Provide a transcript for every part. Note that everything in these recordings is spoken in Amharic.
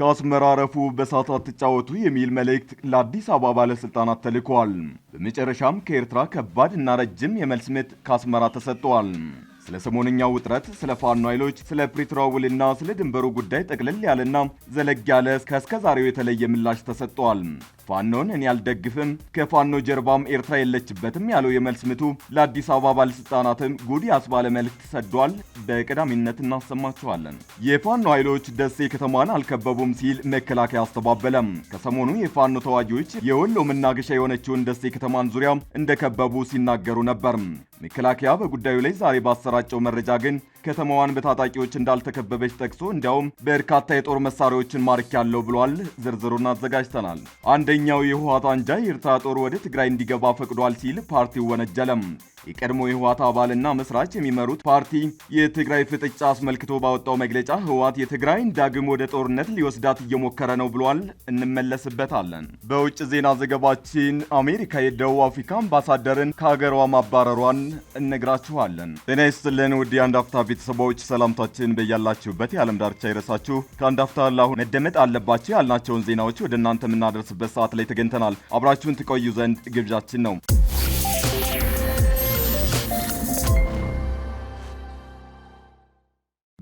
ከአስመራረፉ በሳት አትጫወቱ የሚል መልእክት ለአዲስ አበባ ባለስልጣናት ተልኳል። በመጨረሻም ከኤርትራ ከባድ እና ረጅም የመልስ ምት ከአስመራ ተሰጥቷል። ስለ ሰሞንኛው ውጥረት፣ ስለ ፋኖ ኃይሎች፣ ስለ ፕሪቶሪያው ውልና ስለ ድንበሩ ጉዳይ ጠቅልል ያለና ዘለግ ያለ ከእስከ ዛሬው የተለየ ምላሽ ተሰጥቷል። ፋኖን እኔ አልደግፍም፣ ከፋኖ ጀርባም ኤርትራ የለችበትም ያለው የመልስ ምቱ ለአዲስ አበባ ባለስልጣናትም ጉድ ያስባለ መልእክት ሰዷል። በቀዳሚነት እናሰማቸዋለን። የፋኖ ኃይሎች ደሴ ከተማን አልከበቡም ሲል መከላከያ አስተባበለም። ከሰሞኑ የፋኖ ተዋጊዎች የወሎ መናገሻ የሆነችውን ደሴ ከተማን ዙሪያ እንደከበቡ ሲናገሩ ነበር። መከላከያ በጉዳዩ ላይ ዛሬ ባሰራጨው መረጃ ግን ከተማዋን በታጣቂዎች እንዳልተከበበች ጠቅሶ እንዲያውም በርካታ የጦር መሳሪያዎችን ያለው ብሏል። ዝርዝሩን አዘጋጅተናል። አንደኛው የህወሓት አንጃ የኤርትራ ጦር ወደ ትግራይ እንዲገባ ፈቅዷል ሲል ፓርቲው ወነጀለም። የቀድሞ የህወሓት አባልና መስራች የሚመሩት ፓርቲ የትግራይ ፍጥጫ አስመልክቶ ባወጣው መግለጫ ህወሓት የትግራይን ዳግም ወደ ጦርነት ሊወስዳት እየሞከረ ነው ብሏል። እንመለስበታለን። በውጭ ዜና ዘገባችን አሜሪካ የደቡብ አፍሪካ አምባሳደርን ከሀገሯ ማባረሯን እነግራችኋለን። ጤና ይስጥልን ውድ የአንድ አፍታ ቤተሰቦች፣ ሰላምታችን በያላችሁበት የዓለም ዳርቻ ይረሳችሁ። ከአንድ አፍታ ላሁን መደመጥ አለባቸው ያልናቸውን ዜናዎች ወደ እናንተ የምናደርስበት ሰዓት ላይ ተገኝተናል። አብራችሁን ትቆዩ ዘንድ ግብዣችን ነው።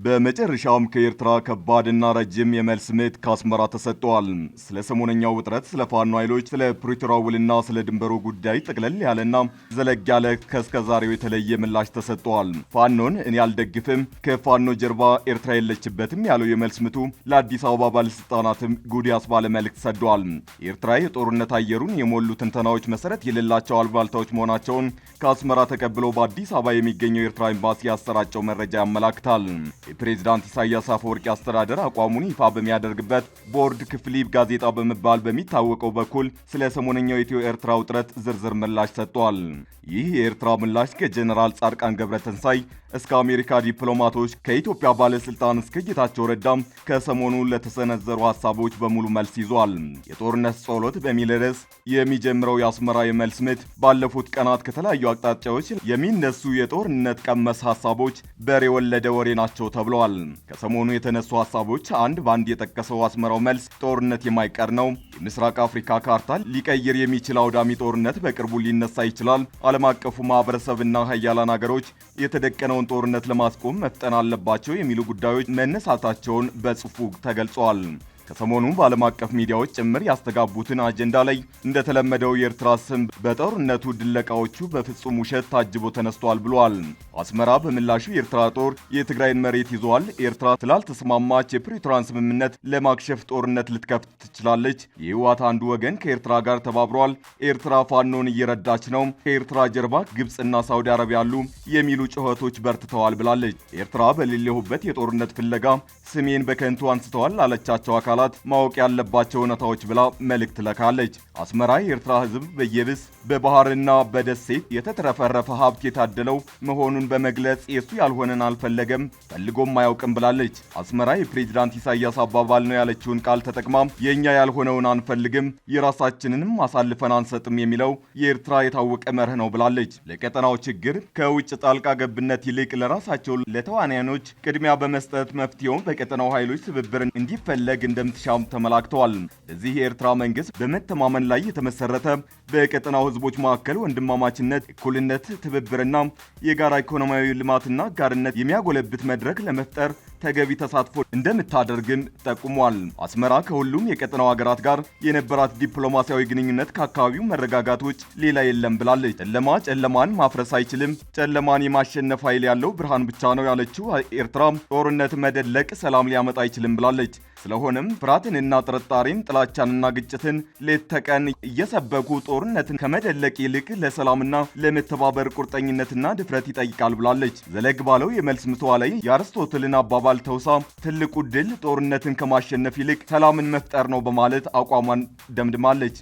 በመጨረሻውም ከኤርትራ ከባድና ረጅም የመልስ ምት ከአስመራ ተሰጥቷል። ስለ ሰሞነኛው ውጥረት፣ ስለ ፋኖ ኃይሎች፣ ስለ ፕሪቶሪያው ውልና ስለ ድንበሩ ጉዳይ ጠቅለል ያለና ዘለግ ያለ ከእስከ ዛሬው የተለየ ምላሽ ተሰጥቷል። ፋኖን እኔ አልደግፍም፣ ከፋኖ ጀርባ ኤርትራ የለችበትም ያለው የመልስ ምቱ ለአዲስ አበባ ባለስልጣናትም ጉድ ያስባለ መልእክት ሰዷል። ኤርትራ የጦርነት አየሩን የሞሉ ትንተናዎች መሰረት የሌላቸው አልባልታዎች መሆናቸውን ከአስመራ ተቀብሎ በአዲስ አበባ የሚገኘው የኤርትራ ኤምባሲ ያሰራጨው መረጃ ያመላክታል። የፕሬዝዳንት ኢሳያስ አፈወርቂ አስተዳደር አቋሙን ይፋ በሚያደርግበት ቦርድ ክፍሊብ ጋዜጣ በመባል በሚታወቀው በኩል ስለ ሰሞነኛው ኢትዮ ኤርትራ ውጥረት ዝርዝር ምላሽ ሰጥቷል። ይህ የኤርትራ ምላሽ ከጀኔራል ጻድቃን ገብረተንሳይ እስከ አሜሪካ ዲፕሎማቶች ከኢትዮጵያ ባለስልጣን እስከ ጌታቸው ረዳም ከሰሞኑ ለተሰነዘሩ ሀሳቦች በሙሉ መልስ ይዟል። የጦርነት ጸሎት በሚል ርዕስ የሚጀምረው የአስመራ የመልስ ምት ባለፉት ቀናት ከተለያዩ አቅጣጫዎች የሚነሱ የጦርነት ቀመስ ሀሳቦች በሬ ወለደ ወሬ ናቸው ተብለዋል። ከሰሞኑ የተነሱ ሀሳቦች አንድ በአንድ የጠቀሰው አስመራው መልስ ጦርነት የማይቀር ነው፣ የምስራቅ አፍሪካ ካርታ ሊቀይር የሚችል አውዳሚ ጦርነት በቅርቡ ሊነሳ ይችላል፣ ዓለም አቀፉ ማህበረሰብና ሀያላን ሀገሮች የተደቀነውን ጦርነት ለማስቆም መፍጠን አለባቸው የሚሉ ጉዳዮች መነሳታቸውን በጽሑፉ ተገልጿል። ከሰሞኑ በዓለም አቀፍ ሚዲያዎች ጭምር ያስተጋቡትን አጀንዳ ላይ እንደተለመደው የኤርትራ ስም በጦርነቱ ድለቃዎቹ በፍጹም ውሸት ታጅቦ ተነስቷል ብሏል። አስመራ በምላሹ የኤርትራ ጦር የትግራይን መሬት ይዘዋል፣ ኤርትራ ስላልተስማማች የፕሪቶሪያን ስምምነት ለማክሸፍ ጦርነት ልትከፍት ትችላለች፣ የህወሓት አንዱ ወገን ከኤርትራ ጋር ተባብሯል፣ ኤርትራ ፋኖን እየረዳች ነው፣ ከኤርትራ ጀርባ ግብፅና ሳውዲ አረቢያ ያሉ የሚሉ ጩኸቶች በርትተዋል ብላለች። ኤርትራ በሌለሁበት የጦርነት ፍለጋ ስሜን በከንቱ አንስተዋል ላለቻቸው አካላት ማወቅ ያለባቸው እውነታዎች ብላ መልእክት ለካለች። አስመራ የኤርትራ ህዝብ በየብስ በባህርና በደሴት የተትረፈረፈ ሀብት የታደለው መሆኑን በመግለጽ የሱ ያልሆነን አልፈለገም ፈልጎም አያውቅም ብላለች። አስመራ የፕሬዚዳንት ኢሳያስ አባባል ነው ያለችውን ቃል ተጠቅማ የእኛ ያልሆነውን አንፈልግም የራሳችንንም አሳልፈን አንሰጥም የሚለው የኤርትራ የታወቀ መርህ ነው ብላለች። ለቀጠናው ችግር ከውጭ ጣልቃ ገብነት ይልቅ ለራሳቸው ለተዋንያኖች ቅድሚያ በመስጠት መፍትሄውን የቀጠናው ኃይሎች ትብብር እንዲፈለግ እንደምትሻም ተመላክተዋል። ለዚህ የኤርትራ መንግስት በመተማመን ላይ የተመሰረተ በቀጠናው ህዝቦች መካከል ወንድማማችነት፣ እኩልነት፣ ትብብርና የጋራ ኢኮኖሚያዊ ልማትና አጋርነት የሚያጎለብት መድረክ ለመፍጠር ተገቢ ተሳትፎ እንደምታደርግም ጠቁሟል። አስመራ ከሁሉም የቀጠናው ሀገራት ጋር የነበራት ዲፕሎማሲያዊ ግንኙነት ከአካባቢው መረጋጋት ውጭ ሌላ የለም ብላለች። ጨለማ ጨለማን ማፍረስ አይችልም፣ ጨለማን የማሸነፍ ኃይል ያለው ብርሃን ብቻ ነው ያለችው ኤርትራ ጦርነት መደለቅ ሰላም ሊያመጣ አይችልም ብላለች። ስለሆነም ፍርሃትንና ጥርጣሬን፣ ጥላቻንና ግጭትን ሌት ተቀን እየሰበኩ ጦርነትን ከመደለቅ ይልቅ ለሰላምና ለመተባበር ቁርጠኝነትና ድፍረት ይጠይቃል ብላለች። ዘለግ ባለው የመልስ ምትዋ ላይ የአርስቶትልን አባባል ተውሳ ትልቁ ድል ጦርነትን ከማሸነፍ ይልቅ ሰላምን መፍጠር ነው በማለት አቋሟን ደምድማለች።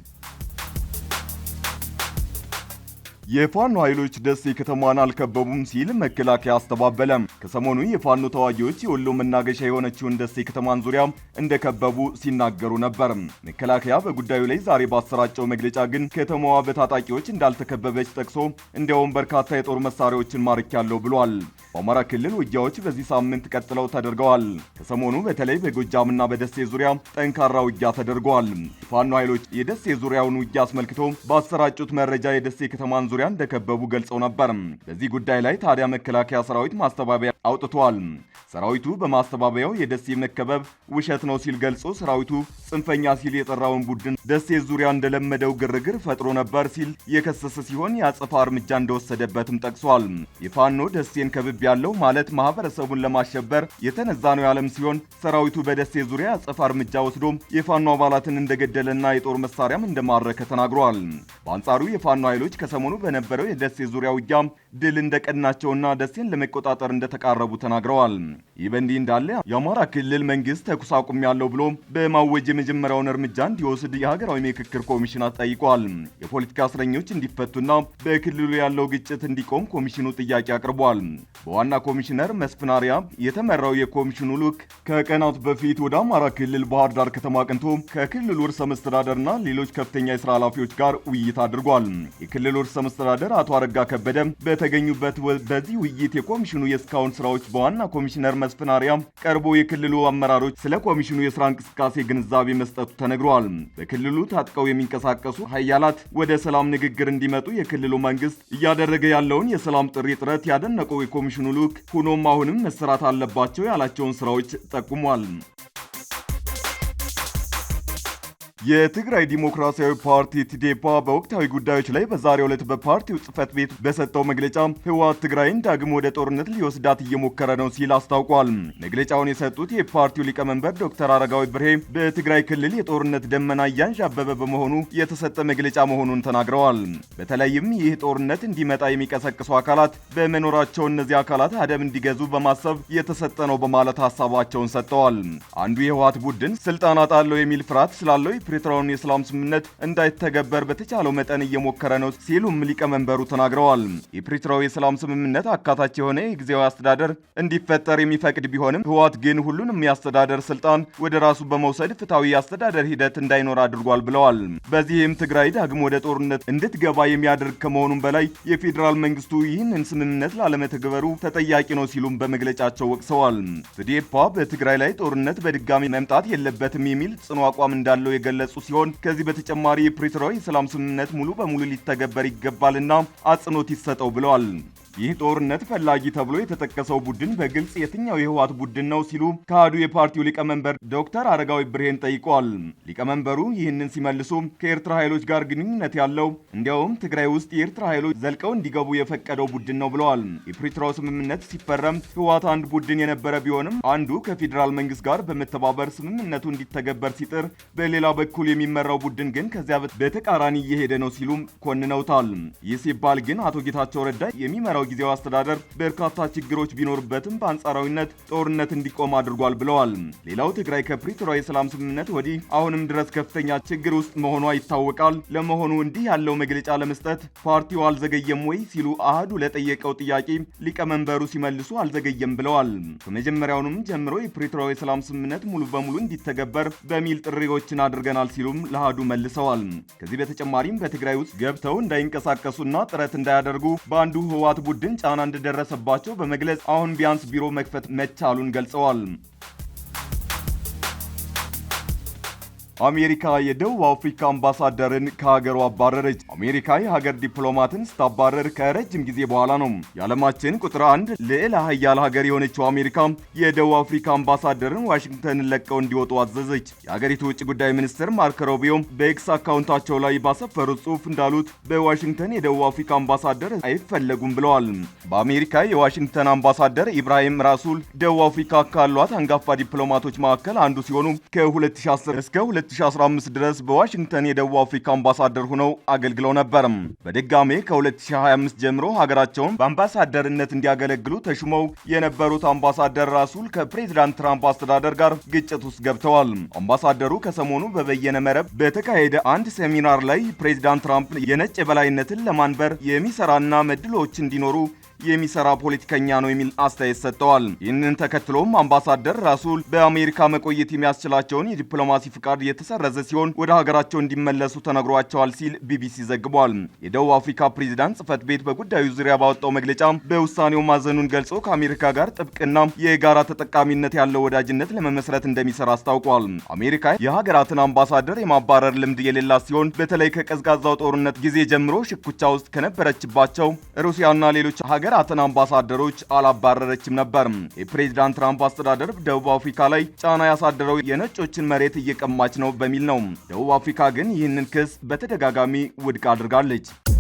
የፋኖ ኃይሎች ደሴ ከተማን አልከበቡም ሲል መከላከያ አስተባበለም። ከሰሞኑ የፋኖ ተዋጊዎች የወሎ መናገሻ የሆነችውን ደሴ ከተማን ዙሪያ እንደከበቡ ሲናገሩ ነበር። መከላከያ በጉዳዩ ላይ ዛሬ ባሰራጨው መግለጫ ግን ከተማዋ በታጣቂዎች እንዳልተከበበች ጠቅሶ እንዲያውም በርካታ የጦር መሳሪያዎችን ማርኪያለሁ ብሏል። በአማራ ክልል ውጊያዎች በዚህ ሳምንት ቀጥለው ተደርገዋል። ከሰሞኑ በተለይ በጎጃምና በደሴ ዙሪያ ጠንካራ ውጊያ ተደርገዋል። የፋኖ ኃይሎች የደሴ ዙሪያውን ውጊያ አስመልክቶ ባሰራጩት መረጃ የደሴ ከተማን ዙሪያ እንደከበቡ ገልጸው ነበር። በዚህ ጉዳይ ላይ ታዲያ መከላከያ ሰራዊት ማስተባበያ አውጥቷል። ሰራዊቱ በማስተባበያው የደሴ መከበብ ውሸት ነው ሲል ገልጾ ሰራዊቱ ጽንፈኛ ሲል የጠራውን ቡድን ደሴ ዙሪያ እንደለመደው ግርግር ፈጥሮ ነበር ሲል የከሰሰ ሲሆን የአጸፋ እርምጃ እንደወሰደበትም ጠቅሷል። የፋኖ ደሴን ከብብ ያለው ማለት ማህበረሰቡን ለማሸበር የተነዛ ነው ያለም ሲሆን ሰራዊቱ በደሴ ዙሪያ የአጸፋ እርምጃ ወስዶም የፋኖ አባላትን እንደገደለና የጦር መሳሪያም እንደማረከ ተናግሯል። በአንጻሩ የፋኖ ኃይሎች ከሰሞኑ በነበረው የደሴ ዙሪያ ውጊያ ድል እንደቀናቸውና ደሴን ለመቆጣጠር እንደተቃረቡ ተናግረዋል። ይህ በእንዲህ እንዳለ የአማራ ክልል መንግስት ተኩስ አቁም ያለው ብሎ በማወጅ የመጀመሪያውን እርምጃ እንዲወስድ የሀገራዊ ምክክር ኮሚሽን አስጠይቋል። የፖለቲካ እስረኞች እንዲፈቱና በክልሉ ያለው ግጭት እንዲቆም ኮሚሽኑ ጥያቄ አቅርቧል። በዋና ኮሚሽነር መስፍን አርአያ የተመራው የኮሚሽኑ ልዑክ ከቀናት በፊት ወደ አማራ ክልል ባህር ዳር ከተማ አቅንቶ ከክልሉ ርዕሰ መስተዳደርና ሌሎች ከፍተኛ የስራ ኃላፊዎች ጋር ውይይት ውይይት አድርጓል። የክልሉ ርዕሰ መስተዳደር አቶ አረጋ ከበደ በተገኙበት በዚህ ውይይት የኮሚሽኑ የእስካሁን ስራዎች በዋና ኮሚሽነር መስፍን አርአያ ቀርቦ የክልሉ አመራሮች ስለ ኮሚሽኑ የስራ እንቅስቃሴ ግንዛቤ መስጠቱ ተነግሯል። በክልሉ ታጥቀው የሚንቀሳቀሱ ሀያላት ወደ ሰላም ንግግር እንዲመጡ የክልሉ መንግስት እያደረገ ያለውን የሰላም ጥሪ ጥረት ያደነቀው የኮሚሽኑ ልዑክ ሆኖም አሁንም መሰራት አለባቸው ያላቸውን ስራዎች ጠቁሟል። የትግራይ ዲሞክራሲያዊ ፓርቲ ቲዴፓ በወቅታዊ ጉዳዮች ላይ በዛሬው ዕለት በፓርቲው ጽህፈት ቤት በሰጠው መግለጫ ህወሓት ትግራይን ዳግም ወደ ጦርነት ሊወስዳት እየሞከረ ነው ሲል አስታውቋል። መግለጫውን የሰጡት የፓርቲው ሊቀመንበር ዶክተር አረጋዊ ብርሄ በትግራይ ክልል የጦርነት ደመና እያንዣበበ በመሆኑ የተሰጠ መግለጫ መሆኑን ተናግረዋል። በተለይም ይህ ጦርነት እንዲመጣ የሚቀሰቅሱ አካላት በመኖራቸው እነዚህ አካላት አደብ እንዲገዙ በማሰብ የተሰጠ ነው በማለት ሀሳባቸውን ሰጥተዋል። አንዱ የህወሓት ቡድን ስልጣን አጣለው የሚል ፍርሃት ስላለው የተፈጠረውን የሰላም ስምምነት እንዳይተገበር በተቻለው መጠን እየሞከረ ነው ሲሉም ሊቀመንበሩ ተናግረዋል። የፕሪቶሪያው የሰላም ስምምነት አካታች የሆነ የጊዜያዊ አስተዳደር እንዲፈጠር የሚፈቅድ ቢሆንም ህወሓት ግን ሁሉንም የአስተዳደር ስልጣን ወደ ራሱ በመውሰድ ፍትሐዊ የአስተዳደር ሂደት እንዳይኖር አድርጓል ብለዋል። በዚህም ትግራይ ዳግም ወደ ጦርነት እንድትገባ የሚያደርግ ከመሆኑም በላይ የፌዴራል መንግስቱ ይህንን ስምምነት ላለመተግበሩ ተጠያቂ ነው ሲሉም በመግለጫቸው ወቅሰዋል። ፍዴፓ በትግራይ ላይ ጦርነት በድጋሚ መምጣት የለበትም የሚል ጽኑ አቋም እንዳለው የገለጸ የገለጹ ሲሆን ከዚህ በተጨማሪ የፕሪቶሪያው የሰላም ስምምነት ሙሉ በሙሉ ሊተገበር ይገባልና አጽንኦት ይሰጠው ብለዋል። ይህ ጦርነት ፈላጊ ተብሎ የተጠቀሰው ቡድን በግልጽ የትኛው የህወሓት ቡድን ነው ሲሉ ከአዱ የፓርቲው ሊቀመንበር ዶክተር አረጋዊ ብርሄን ጠይቋል። ሊቀመንበሩ ይህንን ሲመልሱ ከኤርትራ ኃይሎች ጋር ግንኙነት ያለው እንዲያውም ትግራይ ውስጥ የኤርትራ ኃይሎች ዘልቀው እንዲገቡ የፈቀደው ቡድን ነው ብለዋል። የፕሪቶሪያው ስምምነት ሲፈረም ህወሓት አንድ ቡድን የነበረ ቢሆንም አንዱ ከፌዴራል መንግስት ጋር በመተባበር ስምምነቱ እንዲተገበር ሲጥር፣ በሌላ በኩል የሚመራው ቡድን ግን ከዚያ በተቃራኒ እየሄደ ነው ሲሉም ኮንነውታል። ይህ ሲባል ግን አቶ ጌታቸው ረዳ የሚመራው ጊዜው አስተዳደር በርካታ ችግሮች ቢኖርበትም በአንጻራዊነት ጦርነት እንዲቆም አድርጓል ብለዋል። ሌላው ትግራይ ከፕሪቶሪያ የሰላም ስምምነት ወዲህ አሁንም ድረስ ከፍተኛ ችግር ውስጥ መሆኗ ይታወቃል። ለመሆኑ እንዲህ ያለው መግለጫ ለመስጠት ፓርቲው አልዘገየም ወይ ሲሉ አህዱ ለጠየቀው ጥያቄ ሊቀመንበሩ ሲመልሱ አልዘገየም ብለዋል። ከመጀመሪያውንም ጀምሮ የፕሪቶሪያ የሰላም ስምምነት ሙሉ በሙሉ እንዲተገበር በሚል ጥሪዎችን አድርገናል ሲሉም ለአህዱ መልሰዋል። ከዚህ በተጨማሪም በትግራይ ውስጥ ገብተው እንዳይንቀሳቀሱና ጥረት እንዳያደርጉ በአንዱ ህዋት ቡድን ቡድን ጫና እንደደረሰባቸው በመግለጽ አሁን ቢያንስ ቢሮ መክፈት መቻሉን ገልጸዋል። አሜሪካ የደቡብ አፍሪካ አምባሳደርን ከሀገሩ አባረረች። አሜሪካ የሀገር ዲፕሎማትን ስታባረር ከረጅም ጊዜ በኋላ ነው። የዓለማችን ቁጥር አንድ ልዕለ ሀያል ሀገር የሆነችው አሜሪካ የደቡብ አፍሪካ አምባሳደርን ዋሽንግተንን ለቀው እንዲወጡ አዘዘች። የሀገሪቱ ውጭ ጉዳይ ሚኒስትር ማርክ ሮቢዮ በኤክስ አካውንታቸው ላይ ባሰፈሩት ጽሑፍ እንዳሉት በዋሽንግተን የደቡብ አፍሪካ አምባሳደር አይፈለጉም ብለዋል። በአሜሪካ የዋሽንግተን አምባሳደር ኢብራሂም ራሱል ደቡብ አፍሪካ ካሏት አንጋፋ ዲፕሎማቶች መካከል አንዱ ሲሆኑ ከ2010 እስከ 2015 ድረስ በዋሽንግተን የደቡብ አፍሪካ አምባሳደር ሆነው አገልግለው ነበር። በድጋሜ ከ2025 ጀምሮ ሀገራቸውን በአምባሳደርነት እንዲያገለግሉ ተሹመው የነበሩት አምባሳደር ራሱል ከፕሬዚዳንት ትራምፕ አስተዳደር ጋር ግጭት ውስጥ ገብተዋል። አምባሳደሩ ከሰሞኑ በበየነ መረብ በተካሄደ አንድ ሴሚናር ላይ ፕሬዚዳንት ትራምፕ የነጭ የበላይነትን ለማንበር የሚሰራና መድሎች እንዲኖሩ የሚሰራ ፖለቲከኛ ነው የሚል አስተያየት ሰጥተዋል። ይህንን ተከትሎም አምባሳደር ራሱል በአሜሪካ መቆየት የሚያስችላቸውን የዲፕሎማሲ ፍቃድ የተሰረዘ ሲሆን ወደ ሀገራቸው እንዲመለሱ ተነግሯቸዋል ሲል ቢቢሲ ዘግቧል። የደቡብ አፍሪካ ፕሬዚዳንት ጽህፈት ቤት በጉዳዩ ዙሪያ ባወጣው መግለጫ በውሳኔው ማዘኑን ገልጾ ከአሜሪካ ጋር ጥብቅና የጋራ ተጠቃሚነት ያለው ወዳጅነት ለመመስረት እንደሚሰራ አስታውቋል። አሜሪካ የሀገራትን አምባሳደር የማባረር ልምድ የሌላት ሲሆን በተለይ ከቀዝቃዛው ጦርነት ጊዜ ጀምሮ ሽኩቻ ውስጥ ከነበረችባቸው ሩሲያና ሌሎች ሀገር ሀገራትን አምባሳደሮች አላባረረችም ነበር። የፕሬዚዳንት ትራምፕ አስተዳደር ደቡብ አፍሪካ ላይ ጫና ያሳደረው የነጮችን መሬት እየቀማች ነው በሚል ነው። ደቡብ አፍሪካ ግን ይህንን ክስ በተደጋጋሚ ውድቅ አድርጋለች።